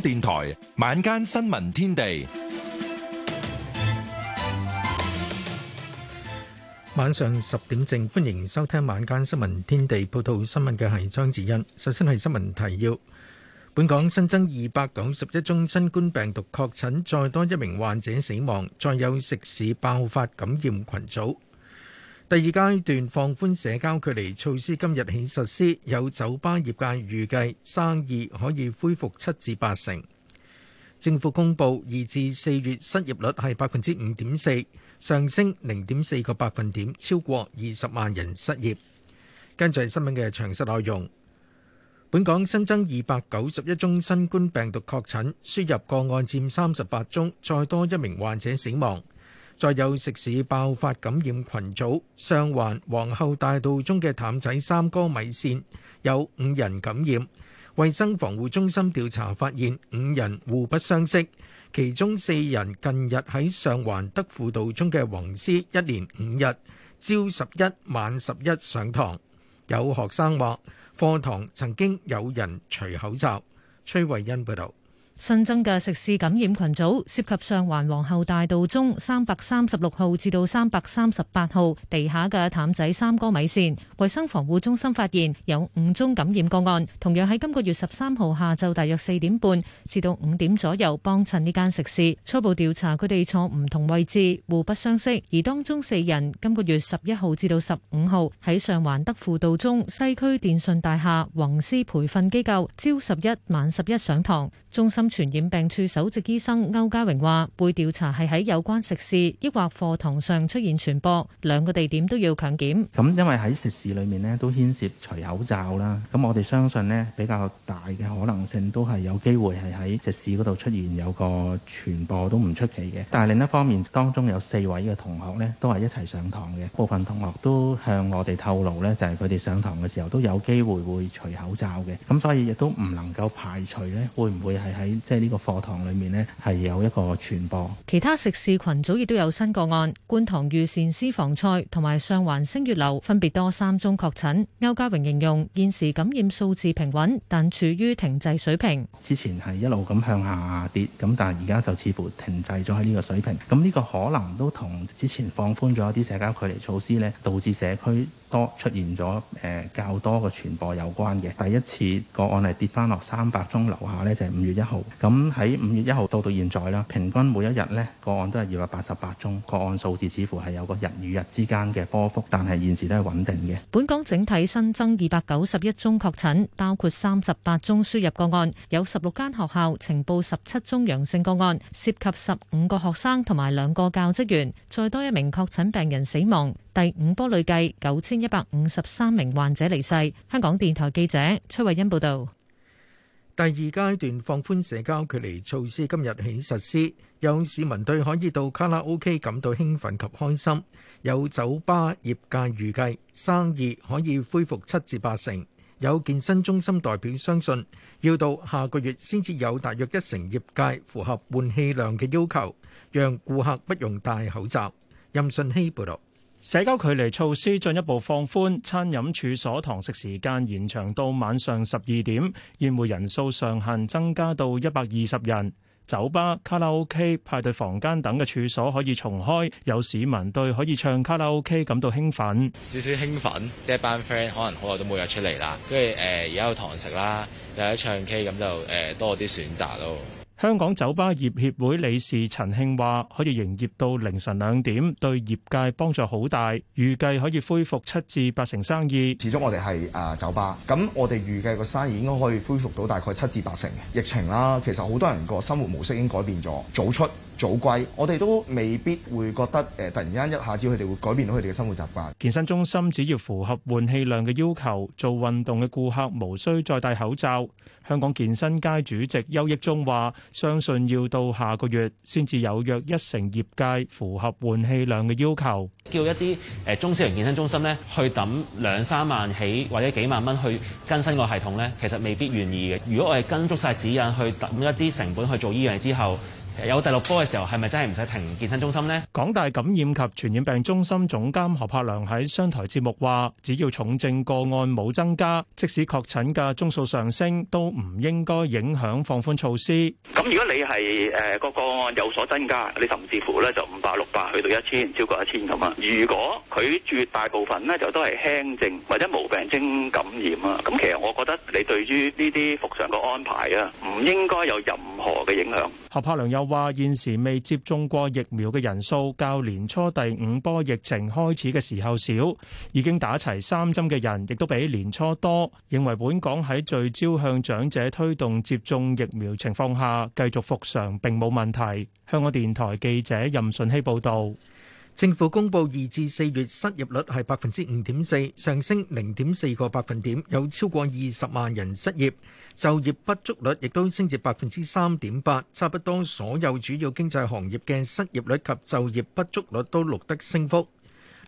電台晚間新聞天地，晚上十點正，歡迎收聽晚間新聞天地報道新聞嘅係張子欣。首先係新聞提要：本港新增二百九十一宗新冠病毒確診，再多一名患者死亡，再有食肆爆發感染群組。第二階段放寬社交距離措施今日起實施，有酒吧業界預計生意可以恢復七至八成。政府公布二至四月失業率係百分之五點四，上升零點四個百分點，超過二十萬人失業。跟住係新聞嘅詳細內容。本港新增二百九十一宗新冠病毒確診，輸入個案佔三十八宗，再多一名患者死亡。再有食肆爆發感染群組，上環皇后大道中嘅譚仔三哥米線有五人感染，衛生防護中心調查發現五人互不相識，其中四人近日喺上環德輔道中嘅黃師一連五日朝十一晚十一上堂，有學生話課堂曾經有人除口罩。崔慧欣報導。新增嘅食肆感染群組涉及上環皇后大道中三百三十六號至到三百三十八號地下嘅譚仔三哥米線，衛生防護中心發現有五宗感染個案，同樣喺今個月十三號下晝大約四點半至到五點左右幫襯呢間食肆。初步調查，佢哋坐唔同位置，互不相識，而當中四人今個月十一號至到十五號喺上環德輔道中西區電信大廈宏師培訓機構朝十一晚十一上堂，中心。傳染病處首席醫生歐家榮話，會調查係喺有關食肆，抑或課堂上出現傳播，兩個地點都要強檢。咁因為喺食肆裏面呢，都牽涉除口罩啦。咁我哋相信呢，比較大嘅可能性都係有機會係喺食肆嗰度出現有個傳播都唔出奇嘅。但係另一方面當中有四位嘅同學呢都係一齊上堂嘅，部分同學都向我哋透露呢，就係佢哋上堂嘅時候都有機會會除口罩嘅。咁所以亦都唔能夠排除呢會唔會係喺即係呢個課堂裏面咧，係有一個傳播。其他食肆群組亦都有新個案，觀塘御善私房菜同埋上環星月樓分別多三宗確診。歐家榮形容現時感染數字平穩，但處於停滯水平。之前係一路咁向下跌，咁但係而家就似乎停滯咗喺呢個水平。咁呢個可能都同之前放寬咗一啲社交距離措施咧，導致社區多出現咗誒、呃、較多嘅傳播有關嘅。第一次個案係跌翻落三百宗樓下呢就係、是、五月一號。咁喺五月一號到到現在啦，平均每一日呢個案都係二百八十八宗，個案數字，似乎係有個日與日之間嘅波幅，但係現時都係穩定嘅。本港整體新增二百九十一宗確診，包括三十八宗輸入個案，有十六間學校呈報十七宗陽性個案，涉及十五個學生同埋兩個教職員，再多一名確診病人死亡。第五波累計九千一一百五十三名患者離世。香港電台記者崔慧欣報道，第二階段放寬社交距離措施今日起實施，有市民對可以到卡拉 O K 感到興奮及開心。有酒吧業界預計生意可以恢復七至八成。有健身中心代表相信要到下個月先至有大約一成業界符合換氣量嘅要求，讓顧客不用戴口罩。任信希報道。社交距離措施進一步放寬，餐飲處所堂食時間延長到晚上十二點，宴會人數上限增加到一百二十人。酒吧、卡拉 OK、派對房間等嘅處所可以重開。有市民對可以唱卡拉 OK 感到興奮，少少興奮，即係班 friend 可能好耐都冇約出嚟啦。跟住誒，而家有堂食啦，又有唱 K，咁就誒、呃、多啲選擇咯。香港酒吧業協會理事陳慶話：可以營業到凌晨兩點，對業界幫助好大，預計可以恢復七至八成生意。始終我哋係啊酒吧，咁我哋預計個生意應該可以恢復到大概七至八成。疫情啦。其實好多人個生活模式已經改變咗，早出，早歸，我哋都未必會覺得誒，突然間一下子佢哋會改變到佢哋嘅生活習慣。健身中心只要符合換氣量嘅要求，做運動嘅顧客無需再戴口罩。香港健身界主席邱益忠話，相信要到下個月先至有約一成業界符合換氣量嘅要求。叫一啲誒中小型健身中心咧，去抌兩三萬起或者幾萬蚊去更新個系統咧，其實未必願意嘅。如果我哋跟足晒指引去抌一啲成本去做依樣嘢之後。有第六波嘅時候，係咪真係唔使停健身中心咧？港大感染及傳染病中心總監何柏良喺商台節目話：只要重症個案冇增加，即使確診嘅宗數上升，都唔應該影響放寬措施。咁如果你係誒個個案有所增加，你甚至乎咧就五百、六百去到一千，超過一千咁啊。如果佢絕大部分咧就都係輕症或者無病徵感染啊，咁其實我覺得你對於呢啲復常嘅安排啊，唔應該有任何嘅影響。何柏良又話：現時未接種過疫苗嘅人數較年初第五波疫情開始嘅時候少，已經打齊三針嘅人亦都比年初多。認為本港喺聚焦向長者推動接種疫苗情況下，繼續復常並冇問題。香港電台記者任順希報導。政府公布二至四月失業率係百分之五點四，上升零點四個百分點，有超過二十萬人失業。就業不足率亦都升至百分之三點八，差不多所有主要經濟行業嘅失業率及就業不足率都錄得升幅。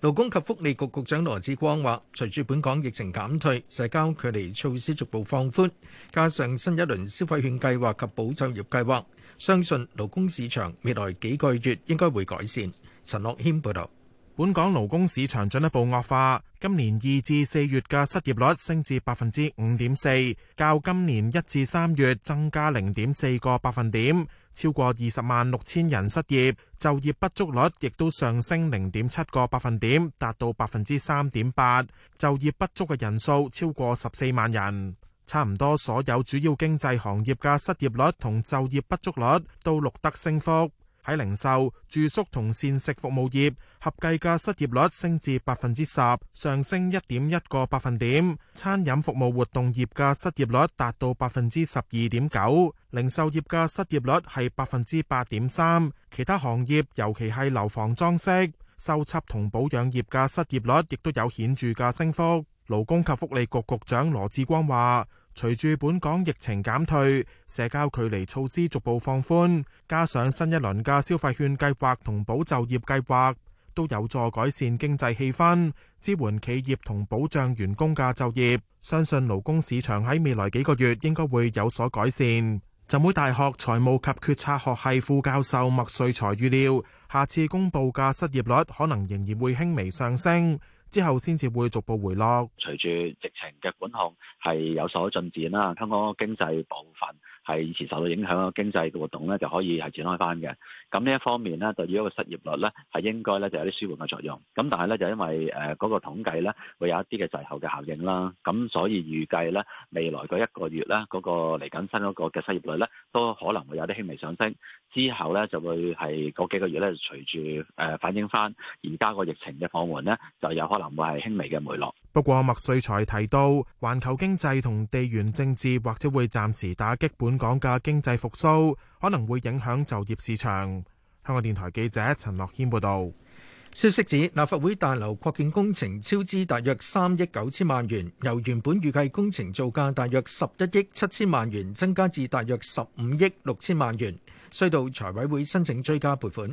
勞工及福利局局長羅致光話，隨住本港疫情減退，社交距離措施逐步放寬，加上新一輪消費券計劃及保就業計劃，相信勞工市場未來幾個月應該會改善。陳樂謙報道：本港勞工市場進一步惡化，今年二至四月嘅失業率升至百分之五點四，較今年一至三月增加零點四個百分點，超過二十萬六千人失業，就業不足率亦都上升零點七個百分點，達到百分之三點八，就業不足嘅人數超過十四萬人，差唔多所有主要經濟行業嘅失業率同就業不足率都錄得升幅。喺零售、住宿同膳食服務業合計嘅失業率升至百分之十，上升一點一個百分點。餐飲服務活動業嘅失業率達到百分之十二點九，零售業嘅失業率係百分之八點三。其他行業，尤其係樓房裝飾、修葺同保養業嘅失業率，亦都有顯著嘅升幅。勞工及福利局局局長羅志光話。隨住本港疫情減退、社交距離措施逐步放寬，加上新一輪嘅消費券計劃同保就業計劃都有助改善經濟氣氛，支援企業同保障員工嘅就業，相信勞工市場喺未來幾個月應該會有所改善。浸會大學財務及決策學系副教授麥瑞才預料，下次公布嘅失業率可能仍然會輕微上升。之後先至會逐步回落，隨住疫情嘅管控係有所進展啦，香港嘅經濟部分。係以前受到影響嘅經濟嘅活動咧，就可以係展開翻嘅。咁呢一方面咧，對於一個失業率咧，係應該咧就有啲舒緩嘅作用。咁但係咧，就因為誒嗰、呃嗰個統計咧，會有一啲嘅滯後嘅效應啦。咁所以預計咧，未來嗰一個月咧，嗰、嗰個嚟緊新嗰個嘅失業率咧，都可能會有啲輕微上升。之後咧就會係嗰幾個月咧，隨住誒反映翻而家個疫情嘅放緩咧，就有可能會係輕微嘅回落。不過，麥瑞才提到，環球經濟同地緣政治或者會暫時打擊本港嘅經濟復甦，可能會影響就業市場。香港電台記者陳樂軒報導。消息指，立法會大樓擴建工程超支大約三億九千萬元，由原本預計工程造價大約十一億七千萬元，增加至大約十五億六千萬元，需到財委會申請追加撥款。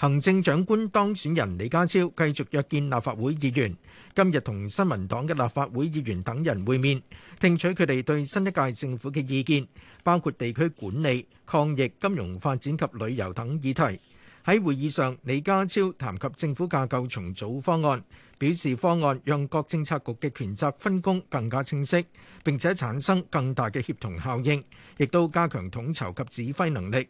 行政長官當選人李家超繼續約見立法會議員，今日同新民黨嘅立法會議員等人會面，聽取佢哋對新一屆政府嘅意見，包括地區管理、抗疫、金融發展及旅遊等議題。喺會議上，李家超談及政府架構重組方案，表示方案讓各政策局嘅權責分工更加清晰，並且產生更大嘅協同效應，亦都加強統籌及指揮能力。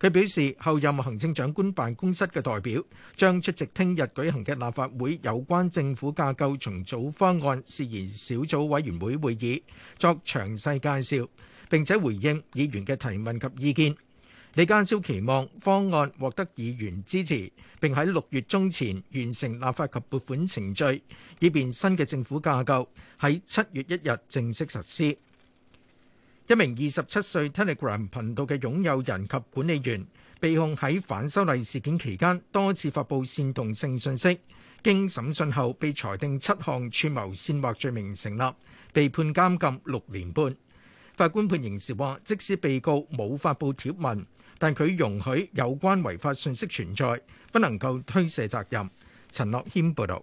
佢表示，候任行政長官辦公室嘅代表將出席聽日舉行嘅立法會有關政府架構重組方案事宜小組委員會會議，作詳細介紹，並且回應議員嘅提問及意見。李家超期望方案獲得議員支持，並喺六月中前完成立法及撥款程序，以便新嘅政府架構喺七月一日正式實施。一名二十七歲 Telegram 頻道嘅擁有人及管理員，被控喺反修例事件期間多次發布煽動性信息。經審訊後，被裁定七項串謀煽惑罪名成立，被判監禁六年半。法官判刑時話：即使被告冇發布帖文，但佢容許有關違法信息存在，不能夠推卸責任。陳樂軒報導。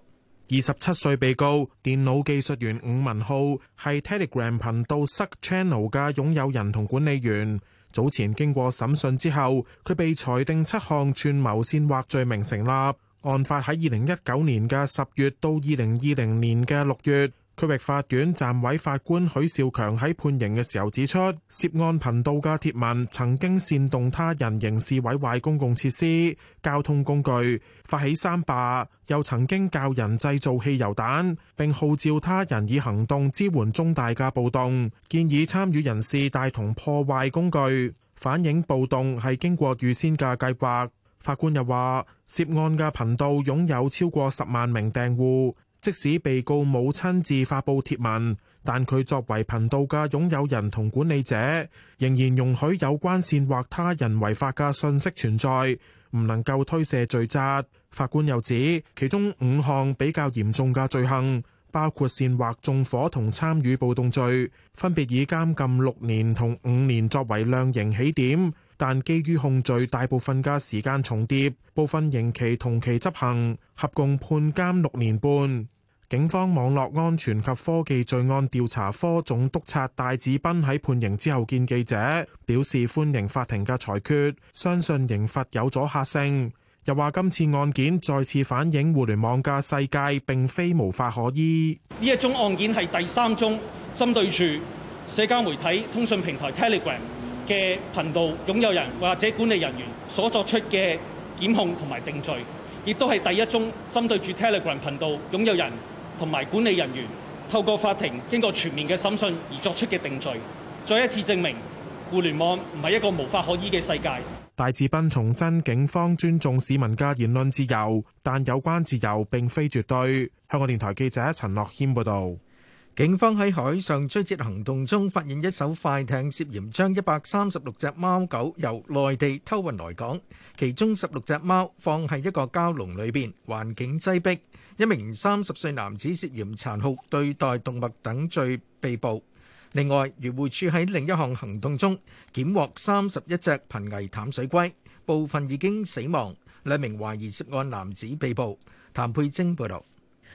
二十七歲被告電腦技術員伍文浩係 Telegram 頻道 Suck Channel 嘅擁有人同管理員。早前經過審訊之後，佢被裁定七項串謀煽惑罪名成立。案發喺二零一九年嘅十月到二零二零年嘅六月。區域法院暫委法官許少強喺判刑嘅時候指出，涉案頻道嘅貼文曾經煽動他人刑事毀壞公共設施、交通工具，發起三罷，又曾經教人製造汽油彈，並號召他人以行動支援中大嘅暴動，建議參與人士帶同破壞工具，反映暴動係經過預先嘅計劃。法官又話，涉案嘅頻道擁有超過十萬名訂戶。即使被告冇親自發布貼文，但佢作為頻道嘅擁有人同管理者，仍然容許有關煽惑他人違法嘅信息存在，唔能夠推卸罪責。法官又指，其中五項比較嚴重嘅罪行，包括煽惑縱火同參與暴動罪，分別以監禁六年同五年作為量刑起點。但基於控罪，大部分嘅時間重疊，部分刑期同期執行，合共判監六年半。警方網絡安全及科技罪案調查科總督察戴子斌喺判刑之後見記者，表示歡迎法庭嘅裁決，相信刑罰有阻嚇性。又話今次案件再次反映互聯網嘅世界並非無法可依。呢一宗案件係第三宗針對住社交媒體通訊平台 Telegram 嘅頻道擁有人或者管理人員所作出嘅檢控同埋定罪，亦都係第一宗針對住 Telegram 頻道擁有人同埋管理人員透過法庭經過全面嘅審訊而作出嘅定罪，再一次證明互聯網唔係一個無法可依嘅世界。大智斌重申警方尊重市民嘅言論自由，但有關自由並非絕對。香港電台記者陳諾軒報道。警方喺海上追截行動中，發現一艘快艇涉嫌將一百三十六隻貓狗由內地偷運來港，其中十六隻貓放喺一個膠籠裏邊，環境擠迫。一名三十歲男子涉嫌殘酷對待動物等罪被捕。另外，漁護署喺另一項行動中，檢獲三十一隻瀕危淡水龜，部分已經死亡，兩名懷疑涉案男子被捕。譚佩貞報道。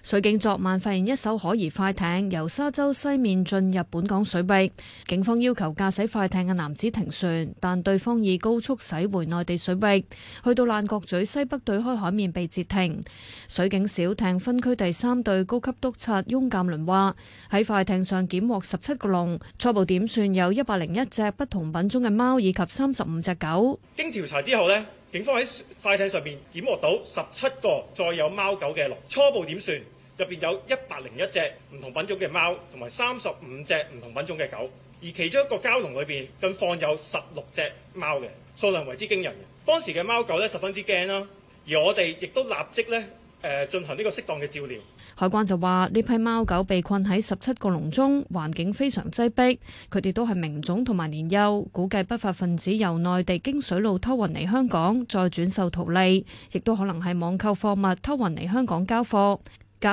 水警昨晚發現一艘可疑快艇由沙洲西面進入本港水域，警方要求駕駛快艇嘅男子停船，但對方以高速駛回內地水域。去到爛角咀西北對開海面被截停。水警小艇分區第三隊高級督察翁鑑倫話：喺快艇上檢獲十七個籠，初步點算有一百零一隻不同品種嘅貓，以及三十五隻狗。經調查之後咧，警方喺快艇上面檢獲到十七個載有貓狗嘅籠，初步點算。入邊有一百零一隻唔同品種嘅貓，同埋三十五隻唔同品種嘅狗，而其中一個膠籠裏邊更放有十六隻貓嘅數量為之驚人。當時嘅貓狗咧十分之驚啦，而我哋亦都立即咧誒進行呢個適當嘅照料。海關就話呢批貓狗被困喺十七個籠中，環境非常擠迫，佢哋都係名種同埋年幼，估計不法分子由內地經水路偷運嚟香港，再轉售圖利，亦都可能係網購貨物偷運嚟香港交貨。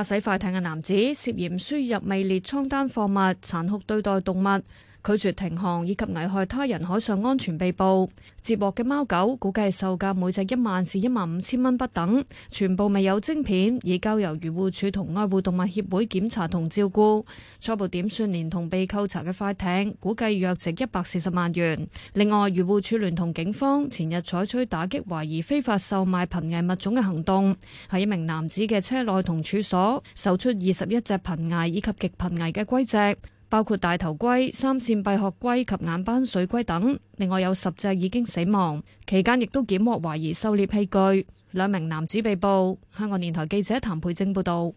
駕駛快艇嘅男子涉嫌輸入未列艙單貨物，殘酷對待動物。拒絕停航以及危害他人海上安全被捕，截獲嘅貓狗估計售，售，售，售，售價每隻一萬至一萬五千蚊不等，全部未有晶片，已交由漁護署同愛護動物協會檢查同照顧。初步點算，連同被扣查嘅快艇，估計約值一百四十萬元。另外，漁護署聯同警方前日採取打擊懷疑非法售賣瀕危物種嘅行動，喺一名男子嘅車內同處所售出二十一隻瀕危以及極瀕危嘅龜隻。包括大頭龜、三線閉殼龜及眼斑水龜等，另外有十隻已經死亡。期間亦都檢獲懷疑狩獵器具，兩名男子被捕。香港電台記者譚培晶報道。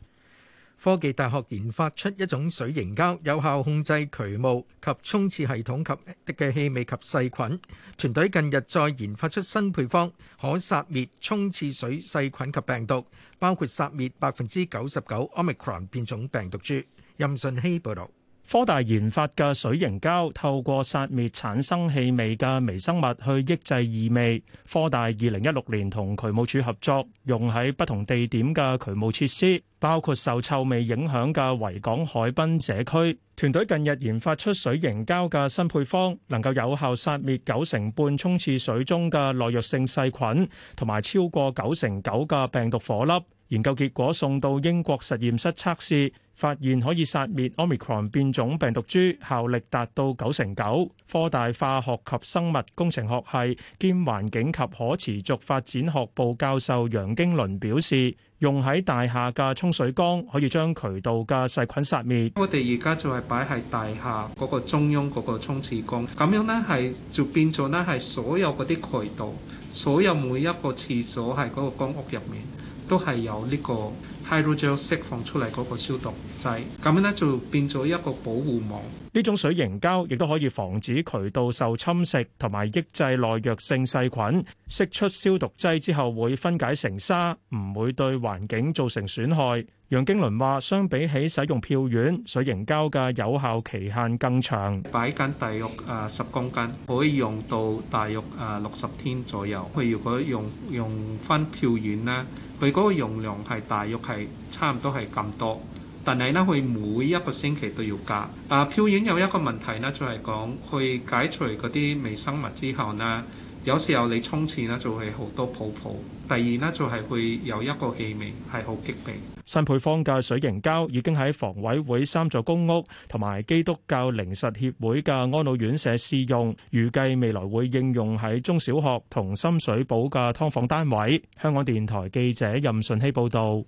科技大學研發出一種水凝膠，有效控制渠務及沖廁系統及的嘅氣味及細菌。團隊近日再研發出新配方，可殺滅沖廁水細菌及病毒，包括殺滅百分之九十九 Omicron 變種病毒株。任信希報道。科大研發嘅水凝膠，透過殺滅產生氣味嘅微生物去抑制異味。科大二零一六年同渠務署合作，用喺不同地點嘅渠務設施，包括受臭味影響嘅維港海濱社區。團隊近日研發出水凝膠嘅新配方，能夠有效殺滅九成半沖廁水中嘅耐藥性細菌，同埋超過九成九嘅病毒顆粒。研究結果送到英國實驗室測試，發現可以殺滅 Omicron 變種病毒株，效力達到九成九。科大化學及生物工程學系兼環境及可持續發展學部教授楊經倫表示，用喺大廈嘅沖水缸可以將渠道嘅細菌殺滅。我哋而家就係擺喺大廈嗰個中央嗰個沖廁缸，咁樣呢，係就變咗呢係所有嗰啲渠道，所有每一個廁所喺嗰個公屋入面。都係有呢個 hydrogel 釋放出嚟嗰個消毒劑，咁樣呢就變咗一個保護網。呢種水凝膠亦都可以防止渠道受侵蝕，同埋抑制耐藥性細菌。釋出消毒劑之後會分解成沙，唔會對環境造成損害。楊經倫話，相比起使用票丸水凝膠嘅有效期限更長，擺緊大約啊十公斤，可以用到大約啊六十天左右。佢如果用用翻票丸呢，佢嗰個容量係大約係差唔多係咁多，但係呢，佢每一個星期都要加。啊，票丸有一個問題呢，就係講佢解除嗰啲微生物之後呢，有時候你沖廁呢，就會好多泡泡。第二呢，就係會有一個氣味係好激鼻。新配方嘅水凝膠已經喺房委會三座公屋同埋基督教靈實協會嘅安老院舍試用，預計未來會應用喺中小學同深水埗嘅劏房單位。香港電台記者任順希報導。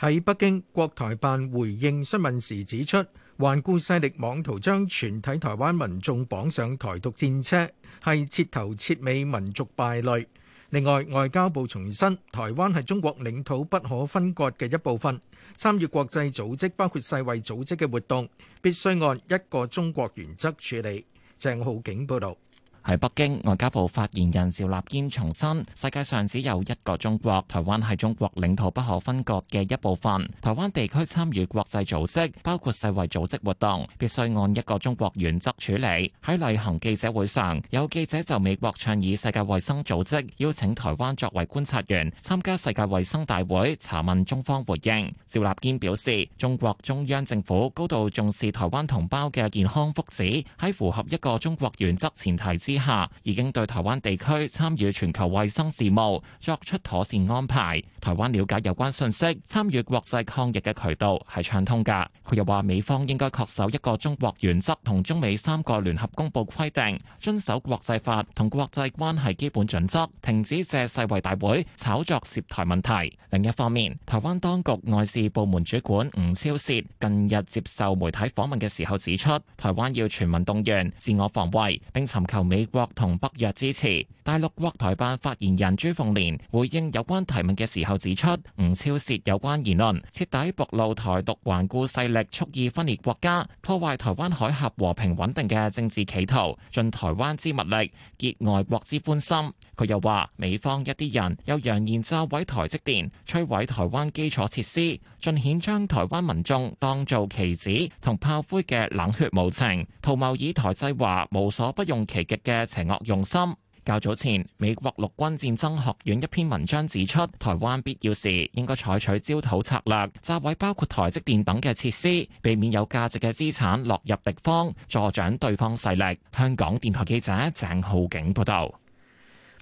喺北京，國台辦回應詢問時指出，環顧勢力妄圖將全體台灣民眾綁上台獨戰車，係徹頭徹尾民族敗類。另外，外交部重申，台灣係中國領土不可分割嘅一部分，參與國際組織包括世衛組織嘅活動必須按一個中國原則處理。鄭浩景報道。喺北京，外交部發言人趙立堅重申：世界上只有一個中國，台灣係中國領土不可分割嘅一部分。台灣地區參與國際組織，包括世衛組織活動，必須按一個中國原則處理。喺例行記者會上，有記者就美國倡議世界衛生組織邀請台灣作為觀察員參加世界衛生大會，查問中方回應。趙立堅表示：中國中央政府高度重視台灣同胞嘅健康福祉，喺符合一個中國原則前提之之下已經對台灣地區參與全球衛生事務作出妥善安排。台灣了解有關信息，參與國際抗疫嘅渠道係暢通嘅，佢又話美方應該恪守一個中國原則同中美三個聯合公報規定，遵守國際法同國際關係基本準則，停止借世衛大會炒作涉台問題。另一方面，台灣當局外事部門主管吳釗燮，近日接受媒體訪問嘅時候指出，台灣要全民動員，自我防衛，并尋求美。國同北約支持。大陸國台辦發言人朱鳳蓮回應有關提問嘅時候指出，吳釗燮有關言論徹底暴露台獨頑固勢力蓄意分裂國家、破壞台灣海峽和平穩定嘅政治企圖，盡台灣之物力，結外國之歡心。佢又話：美方一啲人又揚言炸毀台積電、摧毀台灣基礎設施，盡顯將台灣民眾當做棋子同炮灰嘅冷血無情，圖謀以台制華、無所不用其極嘅邪惡用心。較早前，美國陸軍戰爭學院一篇文章指出，台灣必要時應該採取焦土策略，炸毀包括台積電等嘅設施，避免有價值嘅資產落入敵方，助長對方勢力。香港電台記者鄭浩景報道。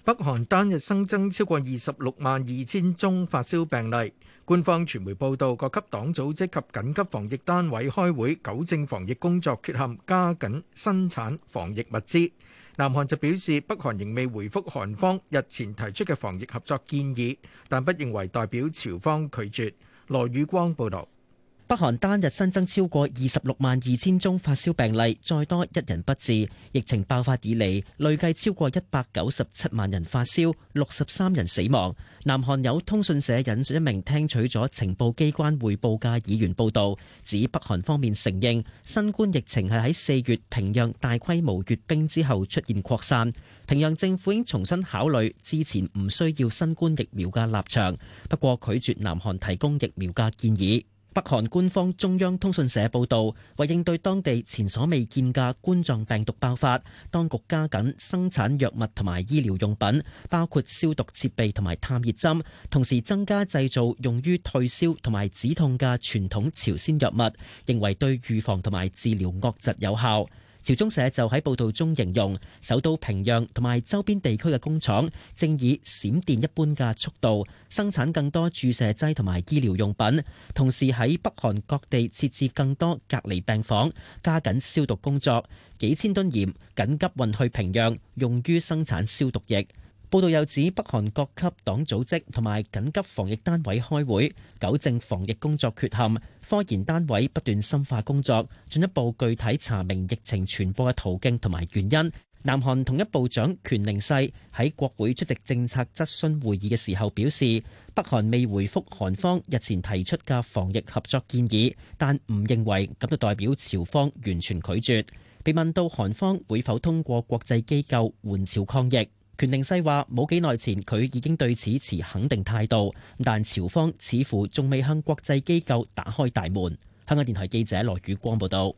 北韓單日新增超過二十六萬二千宗發燒病例，官方傳媒報導，各級黨組織及緊急防疫單位開會糾正防疫工作缺陷，加緊生產防疫物資。南韓就表示，北韓仍未回覆韓方日前提出嘅防疫合作建議，但不認為代表朝方拒絕。羅宇光報導。北韓單日新增超過二十六萬二千宗發燒病例，再多一人不治。疫情爆發以嚟，累計超過一百九十七萬人發燒，六十三人死亡。南韓有通訊社引述一名聽取咗情報機關匯報嘅議員報道，指北韓方面承認新冠疫情係喺四月平壤大規模閱兵之後出現擴散。平壤政府已重新考慮之前唔需要新冠疫苗嘅立場，不過拒絕南韓提供疫苗嘅建議。北韓官方中央通訊社報道，為應對當地前所未見嘅冠狀病毒爆發，當局加緊生產藥物同埋醫療用品，包括消毒設備同埋探熱針，同時增加製造用於退燒同埋止痛嘅傳統朝鮮藥物，認為對預防同埋治療惡疾有效。朝中社就喺報導中形容，首都平壤同埋周邊地區嘅工廠正以閃電一般嘅速度生產更多注射劑同埋醫療用品，同時喺北韓各地設置更多隔離病房，加緊消毒工作。幾千噸鹽緊急運去平壤，用於生產消毒液。報道又指北韓各級黨組織同埋緊急防疫單位開會，糾正防疫工作缺陷。科研單位不斷深化工作，進一步具體查明疫情傳播嘅途徑同埋原因。南韓統一部長權寧世喺國會出席政策質詢會議嘅時候表示，北韓未回覆韓方日前提出嘅防疫合作建議，但唔認為咁就代表朝方完全拒絕。被問到韓方會否通過國際機構援朝抗疫。權寧世話，冇幾耐前，佢已經對此持肯定態度，但朝方似乎仲未向國際機構打開大門。香港電台記者羅宇光報道。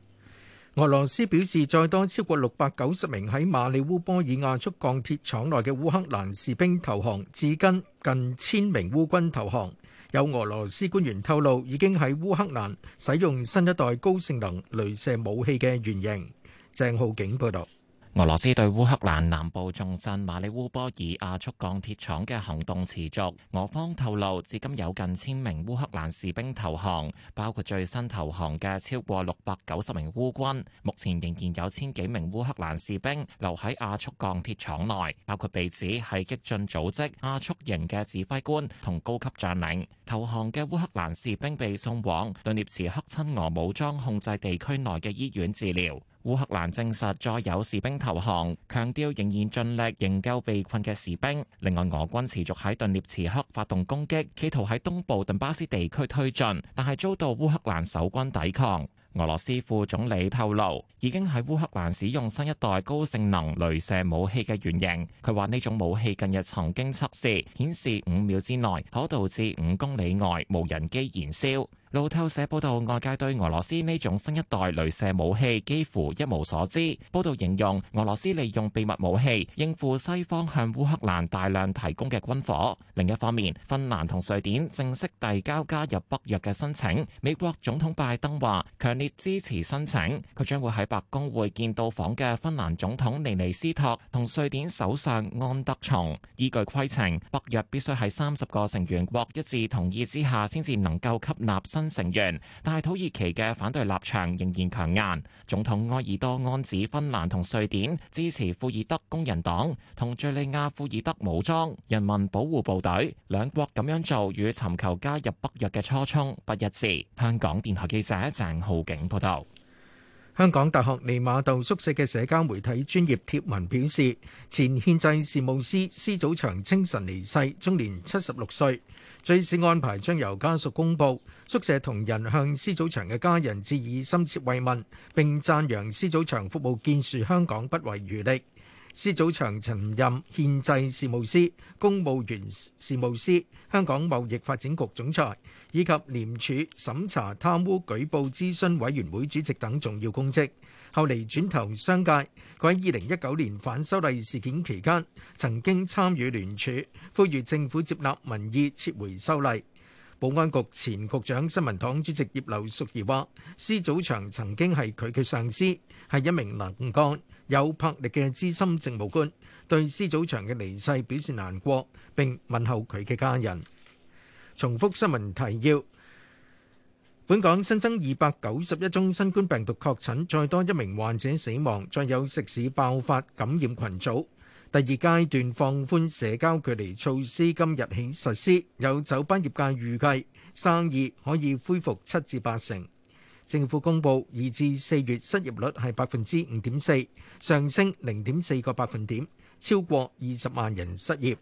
俄羅斯表示，再多超過六百九十名喺馬里烏波爾亞速鋼鐵廠內嘅烏克蘭士兵投降，至今近千名烏軍投降。有俄羅斯官員透露，已經喺烏克蘭使用新一代高性能鐳射武器嘅原型。鄭浩景報道。俄羅斯對烏克蘭南部重鎮馬里烏波爾亞速鋼鐵廠嘅行動持續，俄方透露，至今有近千名烏克蘭士兵投降，包括最新投降嘅超過六百九十名烏軍。目前仍然有千幾名烏克蘭士兵留喺亞速鋼鐵廠內，包括被指係激進組織亞速營嘅指揮官同高級將領。投降嘅烏克蘭士兵被送往頓涅茨克親俄武裝控制地區內嘅醫院治療。烏克蘭證實再有士兵投降，強調仍然盡力營救被困嘅士兵。另外，俄軍持續喺頓涅茨克發動攻擊，企圖喺東部頓巴斯地區推進，但係遭到烏克蘭守軍抵抗。俄羅斯副總理透露，已經喺烏克蘭使用新一代高性能鐳射武器嘅原型。佢話呢種武器近日曾經測試，顯示五秒之內可導致五公里外無人機燃燒。路透社報道，外界對俄羅斯呢種新一代鐳射武器幾乎一無所知。報道形容俄羅斯利用秘密武器應付西方向烏克蘭大量提供嘅軍火。另一方面，芬蘭同瑞典正式遞交加入北約嘅申請。美國總統拜登話強烈支持申請，佢將會喺白宮會見到訪嘅芬蘭總統尼尼斯托同瑞典首相安德松。依據規程，北約必須喺三十個成員國一致同意之下，先至能夠吸納新。成員，但係土耳其嘅反對立場仍然強硬。總統埃爾多安指芬蘭同瑞典支持庫爾德工人黨同敘利亞庫爾德武裝人民保護部隊，兩國咁樣做與尋求加入北約嘅初衷不一致。香港電台記者鄭浩景報道。香港大學利瑪竇宿舍嘅社交媒體專頁貼文表示，前憲制事務司施祖祥清晨離世，終年七十六歲。追思安排將由家屬公布。宿舍同人向施祖祥嘅家人致以深切慰問，並讚揚施祖祥服務建樹香港不遺餘力。施祖祥曾任憲制事務司、公務員事務司、香港貿易發展局總裁以及廉署審查貪污舉報諮詢委員會主席等重要公職，後嚟轉投商界。佢喺2019年反修例事件期間，曾經參與聯署呼籲政府接納民意撤回修例。保安局前局長、新民黨主席葉劉淑儀話：施祖祥曾經係佢嘅上司，係一名能幹，有魄力嘅資深政務官對施祖祥嘅離世表示難過，並問候佢嘅家人。重複新聞提要：本港新增二百九十一宗新冠病毒確診，再多一名患者死亡，再有食肆爆發感染群組。第二階段放寬社交距離措施今日起實施。有酒吧業界預計生意可以恢復七至八成。政府公布二至四月失業率係百分之五點四，上升零點四個百分點，超過二十萬人失業。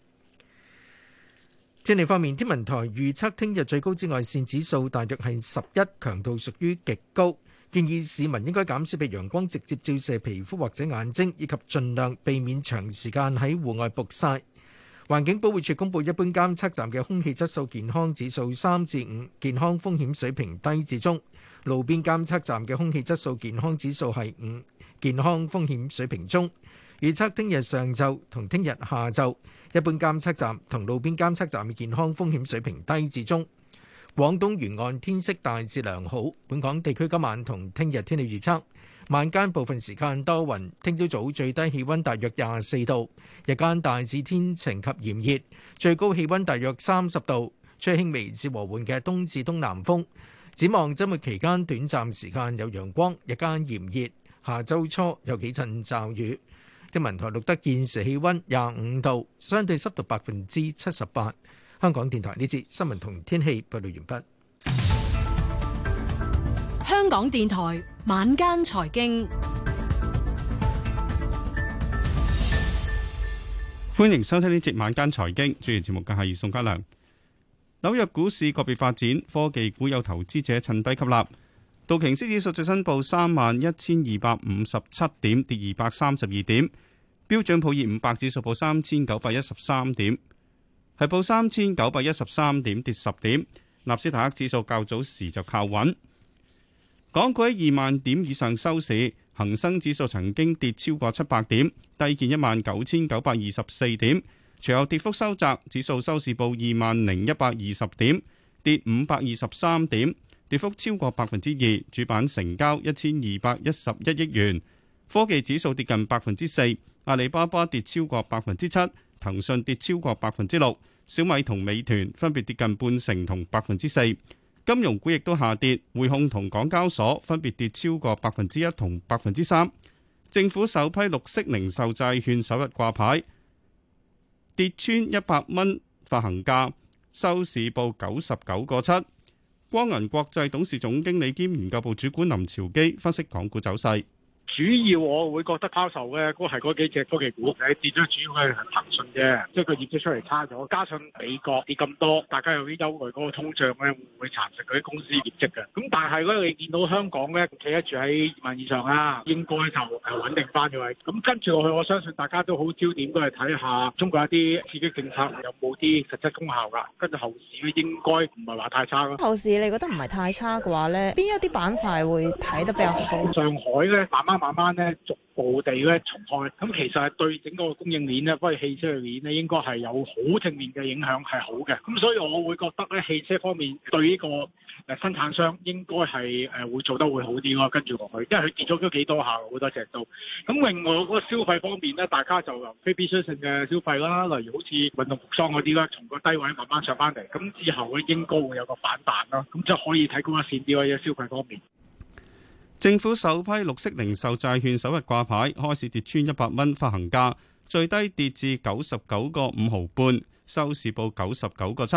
天氣方面，天文台預測聽日最高紫外線指數大約係十一，強度屬於極高，建議市民應該減少被陽光直接照射皮膚或者眼睛，以及盡量避免長時間喺戶外曝曬。環境保護署公布一般監測站嘅空氣質素健康指數三至五，健康風險水平低至中；路邊監測站嘅空氣質素健康指數係五，健康風險水平中。預測聽日上晝同聽日下晝，一般監測站同路邊監測站嘅健康風險水平低至中。廣東沿岸天色大致良好，本港地區今晚同聽日天氣預測。晚間部分時間多雲，聽朝早，早最低氣溫大約廿四度，日間大致天晴及炎熱，最高氣溫大約三十度，吹輕微至和緩嘅東至東南風。展望週末期間短暫時間有陽光，日間炎熱，下週初有幾陣驟雨。天文台錄得現時氣溫廿五度，相對濕度百分之七十八。香港電台呢節新聞同天氣報道完畢。香港電台晚間財經，歡迎收聽呢節晚間財經。主持節目嘅係宋家良。紐約股市個別發展，科技股有投資者趁低吸納。道瓊斯指數最新報三萬一千二百五十七點，跌二百三十二點。標準普爾五百指數報三千九百一十三點，係報三千九百一十三點，跌十點。納斯達克指數較早時就靠穩。港股喺二萬點以上收市，恒生指數曾經跌超過七百點，低見一萬九千九百二十四點，隨後跌幅收窄，指數收市報二萬零一百二十點，跌五百二十三點，跌幅超過百分之二。主板成交一千二百一十一億元，科技指數跌近百分之四，阿里巴巴跌超過百分之七，騰訊跌超過百分之六，小米同美團分別跌近半成同百分之四。金融股亦都下跌，匯控同港交所分別跌超過百分之一同百分之三。政府首批綠色零售債券首日掛牌，跌穿一百蚊發行價，收市報九十九個七。光銀國際董事總經理兼研究部主管林潮基分析港股走勢。主要我會覺得拋售嘅都係嗰幾隻科技股，你跌咗主要係騰訊啫，即係佢業績出嚟差咗，加上美國跌咁多，大家有啲憂慮嗰個通脹咧會唔會蠶食佢啲公司業績嘅？咁但係如果你見到香港咧企得住喺二萬以上啦，應該就係穩定翻咗嘅。咁跟住落去，我相信大家都好焦點都係睇下中國一啲刺激政策有冇啲實質功效啦。跟住後市應該唔係話太差咯。後市你覺得唔係太差嘅話咧，邊一啲板塊會睇得比較好？上海咧慢慢。慢慢咧，逐步地咧重開，咁其實係對整個供應鏈咧，不過汽車鏈咧，應該係有好正面嘅影響，係好嘅。咁所以我會覺得咧，汽車方面對呢個誒生產商應該係誒會做得會好啲咯，跟住落去，因為佢跌咗都幾多下，好多隻都。咁另外嗰個消費方面咧，大家就由非必需性嘅消費啦，例如好似運動服裝嗰啲啦，從個低位慢慢上翻嚟，咁之後咧應該會有個反彈啦，咁即係可以睇高一線啲咯，喺消費方面。政府首批綠色零售債券首日掛牌，開始跌穿一百蚊發行價，最低跌至九十九個五毫半，收市報九十九個七。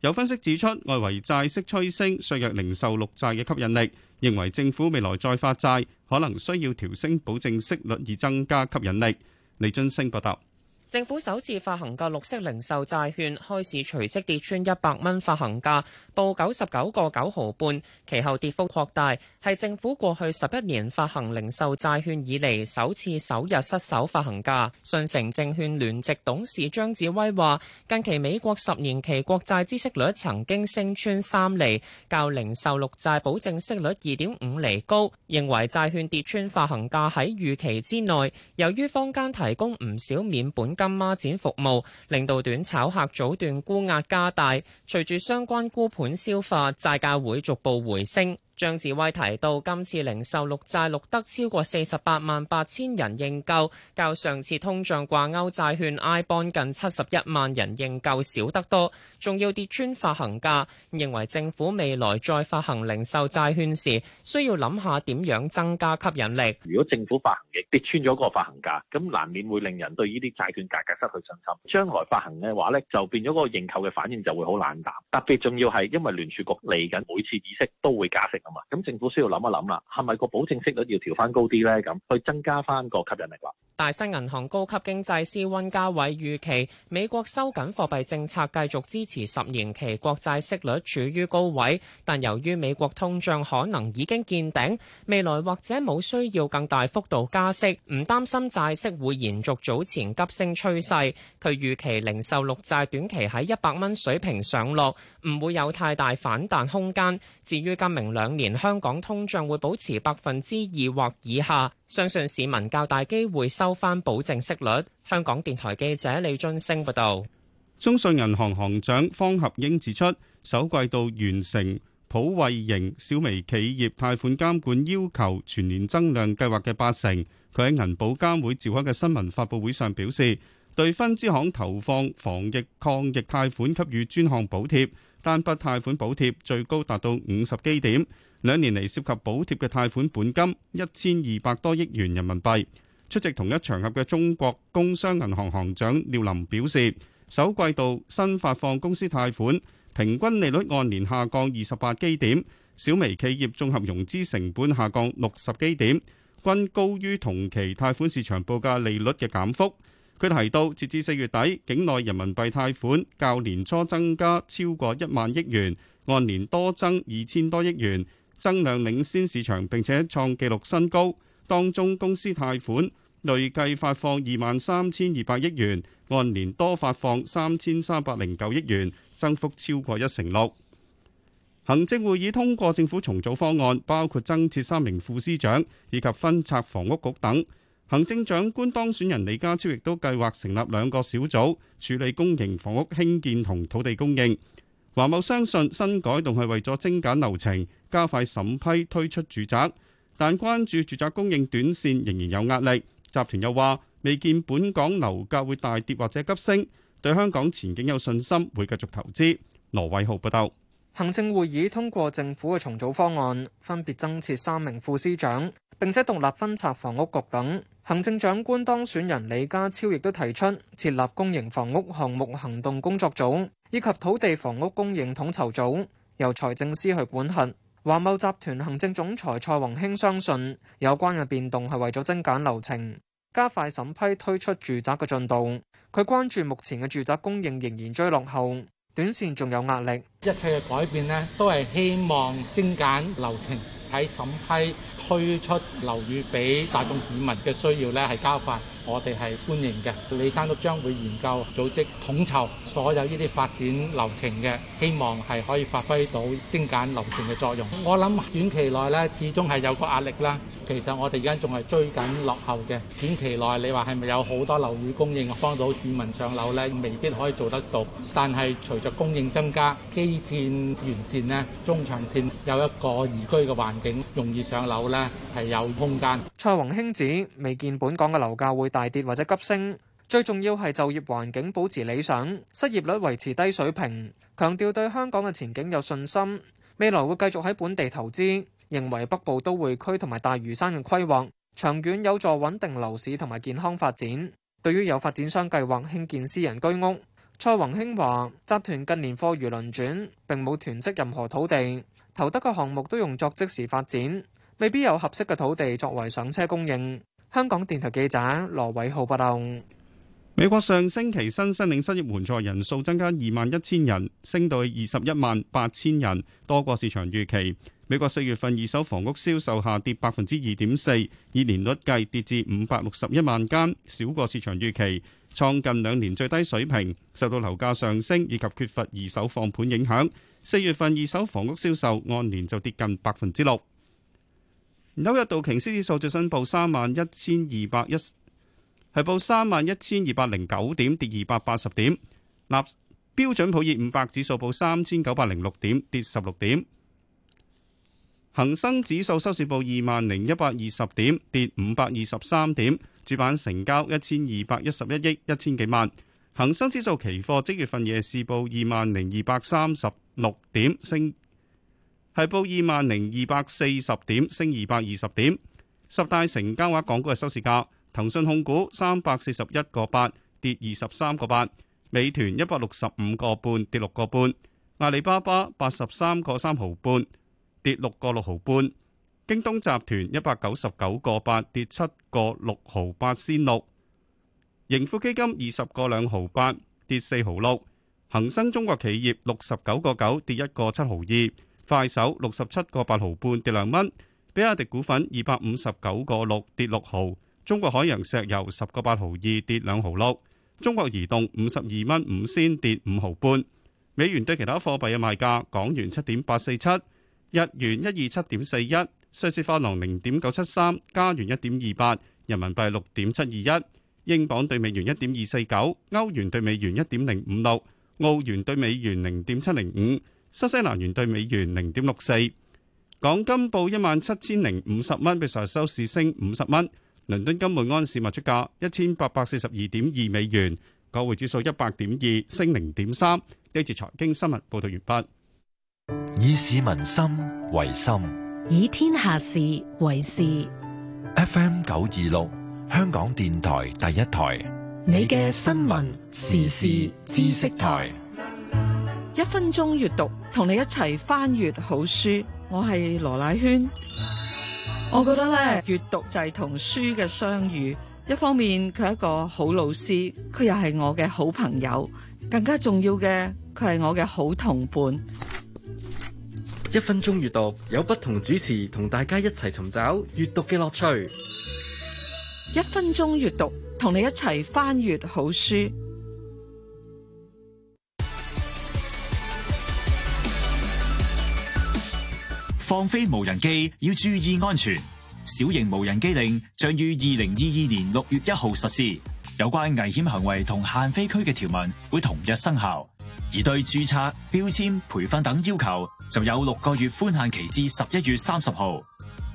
有分析指出，外圍債息趨升削弱零售綠債嘅吸引力，認為政府未來再發債可能需要調升保證息率以增加吸引力。李俊升報道。政府首次發行嘅綠色零售債券開市隨即跌穿一百蚊發行價，報九十九個九毫半，其後跌幅擴大，係政府過去十一年發行零售債券以嚟，首次首日失守發行價。信誠證券聯席董事張志威話，近期美國十年期國債孳息率曾經升穿三厘較零售綠債保證息率二點五厘高，認為債券跌穿發行價喺預期之內，由於坊間提供唔少免本金孖展服務令到短炒客早段沽壓加大，隨住相關沽盤消化，債價會逐步回升。張志威提到，今次零售綠債錄得超過四十八萬八千人認購，較上次通脹掛鈎債券 I bond 近七十一萬人認購少得多，仲要跌穿發行價，認為政府未來再發行零售債券時，需要諗下點樣增加吸引力。如果政府發行嘅跌穿咗個發行價，咁難免會令人對呢啲債券價格失去信心。將來發行嘅話呢就變咗個認購嘅反應就會好冷淡，特別重要係因為聯儲局嚟緊每次議息都會加息。咁，政府需要諗一諗啦，係咪個保證息率要調翻高啲呢？咁去增加翻個吸引力啦。大新銀行高級經濟師溫家偉預期，美國收緊貨幣政策，繼續支持十年期國債息率處於高位，但由於美國通脹可能已經見頂，未來或者冇需要更大幅度加息，唔擔心債息會延續早前急升趨勢。佢預期零售綠債短期喺一百蚊水平上落，唔會有太大反彈空間。至於今明兩年香港通脹會保持百分之二或以下，相信市民較大機會收翻保證息率。香港電台記者李津升報導。中信銀行行長方合英指出，首季度完成普惠型小微企業貸款監管要求全年增量計劃嘅八成。佢喺銀保監會召開嘅新聞發佈會上表示，對分支行投放防疫抗疫貸款給予專項補貼。單筆貸款補貼最高達到五十基點，兩年嚟涉及補貼嘅貸款本金一千二百多億元人民幣。出席同一場合嘅中國工商銀行行長廖林表示，首季度新發放公司貸款平均利率按年下降二十八基點，小微企業綜合融資成本下降六十基點，均高於同期貸款市場報價利率嘅減幅。佢提到，截至四月底，境內人民幣貸款較年初增加超過一萬億元，按年多增二千多億元，增量領先市場，並且創紀錄新高。當中公司貸款累計發放二萬三千二百億元，按年多發放三千三百零九億元，增幅超過一成六。行政會議通過政府重組方案，包括增設三名副司長以及分拆房屋局等。行政長官當選人李家超亦都計劃成立兩個小組處理公營房屋興建同土地供應。華懋相信新改動係為咗精簡流程，加快審批推出住宅，但關注住宅供應短線仍然有壓力。集團又話未見本港樓價會大跌或者急升，對香港前景有信心，會繼續投資。羅偉浩報道。行政會議通過政府嘅重組方案，分別增設三名副司長，並且獨立分拆房屋局等。行政長官當選人李家超亦都提出設立公營房屋項目行動工作組，以及土地房屋供應統籌組，由財政司去管轄。華懋集團行政總裁蔡宏興相信有關嘅變動係為咗增減流程，加快審批推出住宅嘅進度。佢關注目前嘅住宅供應仍然追落後。短線仲有壓力，一切嘅改變呢，都係希望精簡流程，喺審批推出樓宇俾大眾市民嘅需要呢，係加快。我哋係歡迎嘅，李生都將會研究組織統籌所有呢啲發展流程嘅，希望係可以發揮到精簡流程嘅作用。我諗短期內咧，始終係有個壓力啦。其實我哋而家仲係追緊落後嘅，短期內你話係咪有好多樓宇供應，幫到市民上樓咧？未必可以做得到。但係隨著供應增加、基建完善咧，中長線有一個宜居嘅環境，容易上樓咧，係有空間。蔡宏興指未見本港嘅樓價會大跌或者急升，最重要係就業環境保持理想，失業率維持低水平。強調對香港嘅前景有信心，未來會繼續喺本地投資，認為北部都會區同埋大嶼山嘅規劃長遠有助穩定樓市同埋健康發展。對於有發展商計劃興建私人居屋，蔡宏興話集團近年貨如輪轉，並冇囤積任何土地，投得嘅項目都用作即時發展，未必有合適嘅土地作為上車供應。香港電台記者羅偉浩報道：美國上星期新申領失業援助人數增加二萬一千人，升到二十一萬八千人，多過市場預期。美國四月份二手房屋銷售下跌百分之二點四，以年率計跌至五百六十一萬間，少過市場預期，創近兩年最低水平。受到樓價上升以及缺乏二手放盤影響，四月份二手房屋銷售按年就跌近百分之六。紐約道瓊斯指數最新報三萬一千二百一，係報三萬一千二百零九點，跌二百八十點。立標準普爾五百指數報三千九百零六點，跌十六點。恒生指數收市報二萬零一百二十點，跌五百二十三點。主板成交一千二百一十一億一千幾萬。恒生指數期貨即月份夜市報二萬零二百三十六點，升。係報二萬零二百四十點，升二百二十點。十大成交額港股嘅收市價：騰訊控股三百四十一個八，跌二十三個八；美團一百六十五個半，跌六個半；阿里巴巴八十三個三毫半，跌六個六毫半；京東集團一百九十九個八，跌七個六毫八先六；盈富基金二十個兩毫八，跌四毫六；恒生中國企業六十九個九，跌一個七毫二。快手六十七個八毫半跌兩蚊，比亞迪股份二百五十九個六跌六毫，中國海洋石油十個八毫二跌兩毫六，中國移動五十二蚊五仙跌五毫半。美元對其他貨幣嘅賣價：港元七點八四七，日元一二七點四一，瑞士法郎零點九七三，加元一點二八，人民幣六點七二一，英鎊兌美元一點二四九，歐元兌美元一點零五六，澳元兌美元零點七零五。新西蘭元兌美元零點六四，港金報一萬七千零五十蚊，比上日收市升五十蚊。倫敦金每安士賣出價一千八百四十二點二美元，港匯指數一百點二升零點三。呢次財經新聞報道完畢。以市民心為心，以天下事為事。FM 九二六，香港電台第一台，你嘅新聞時事知識台。一分鐘閱讀，同你一齊翻閱好書。我係羅乃軒，我覺得咧，閱讀就係同書嘅相遇。一方面佢係一個好老師，佢又係我嘅好朋友。更加重要嘅，佢係我嘅好同伴。一分鐘閱讀，有不同主持同大家一齊尋找閱讀嘅樂趣。一分鐘閱讀，同你一齊翻閱好書。放飛無人機要注意安全。小型無人機令將於二零二二年六月一號實施，有關危險行為同限飛區嘅條文會同日生效，而對註冊、標籤、培訓等要求就有六個月寬限期至十一月三十號。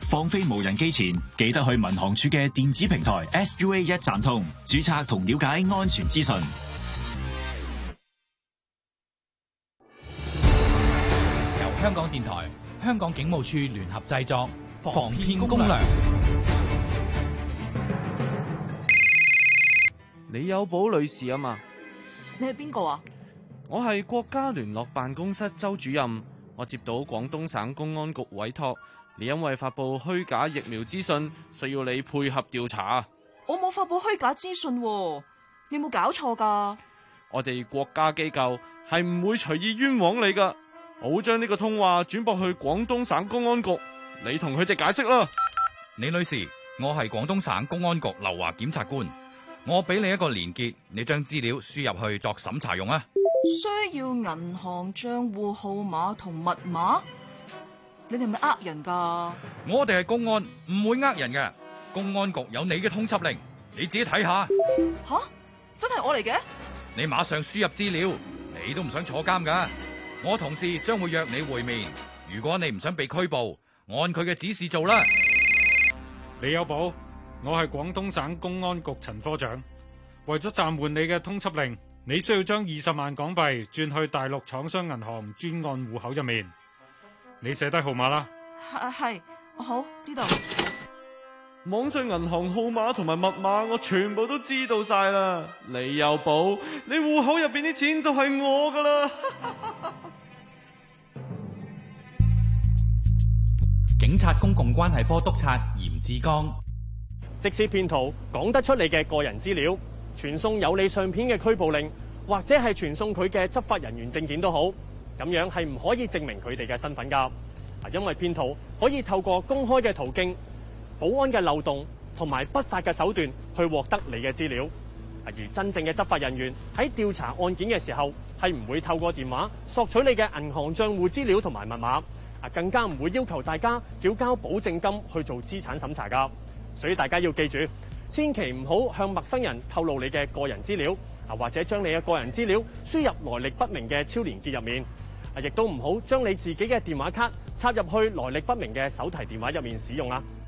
放飛無人機前，記得去民航處嘅電子平台 SUA 一站通註冊同了解安全資訊。由香港電台。香港警務處聯合製作防騙攻略。你有寶女士啊嘛，你係邊個啊？我係國家聯絡辦公室周主任，我接到廣東省公安局委託，你因為發布虛假疫苗資訊，需要你配合調查。我冇發布虛假資訊，你有冇搞錯噶？我哋國家機構係唔會隨意冤枉你噶。好，將呢個通話轉播去廣東省公安局，你同佢哋解釋啦。李女士，我係廣東省公安局劉華檢察官，我俾你一個連結，你將資料輸入去作審查用啊。需要銀行賬戶號碼同密碼？你哋係咪呃人噶？我哋係公安，唔會呃人嘅。公安局有你嘅通緝令，你自己睇下。吓、啊，真係我嚟嘅？你馬上輸入資料，你都唔想坐監噶？我同事將會約你會面，如果你唔想被拘捕，按佢嘅指示做啦。李有寶，我係廣東省公安局陳科長，為咗暫緩你嘅通緝令，你需要將二十萬港幣轉去大陸廠商銀行專案戶口入面。你寫低號碼啦。係，好，知道。網上銀行號碼同埋密碼我全部都知道晒啦！你又保，你戶口入邊啲錢就係我噶啦！ 警察公共關係科督察嚴志剛，即使騙徒講得出你嘅個人資料，傳送有你相片嘅拘捕令，或者係傳送佢嘅執法人員證件都好，咁樣係唔可以證明佢哋嘅身份噶，啊，因為騙徒可以透過公開嘅途徑。保安嘅漏洞同埋不法嘅手段去獲得你嘅資料，而真正嘅執法人員喺調查案件嘅時候，係唔會透過電話索取你嘅銀行賬戶資料同埋密碼，啊，更加唔會要求大家繳交保證金去做資產審查噶。所以大家要記住，千祈唔好向陌生人透露你嘅個人資料啊，或者將你嘅個人資料輸入來歷不明嘅超鏈接入面啊，亦都唔好將你自己嘅電話卡插入去來歷不明嘅手提電話入面使用啦。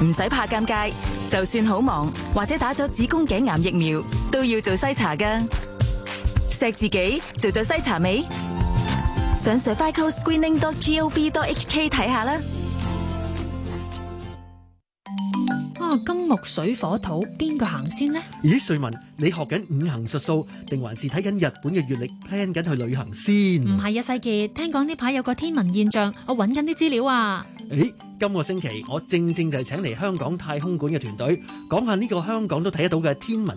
唔使怕尷尬，就算好忙或者打咗子宮頸癌疫苗，都要做篩查㗎。錫自己做咗篩查未？上 cervicalscreening.gov.hk 睇下啦。金木水火土邊個行先呢？咦，瑞文，你學緊五行術數，定還是睇緊日本嘅月曆 plan 緊去旅行先？唔係啊，世傑，聽講呢排有個天文現象，我搵緊啲資料啊！誒，今個星期我正正就係請嚟香港太空館嘅團隊，講下呢個香港都睇得到嘅天文。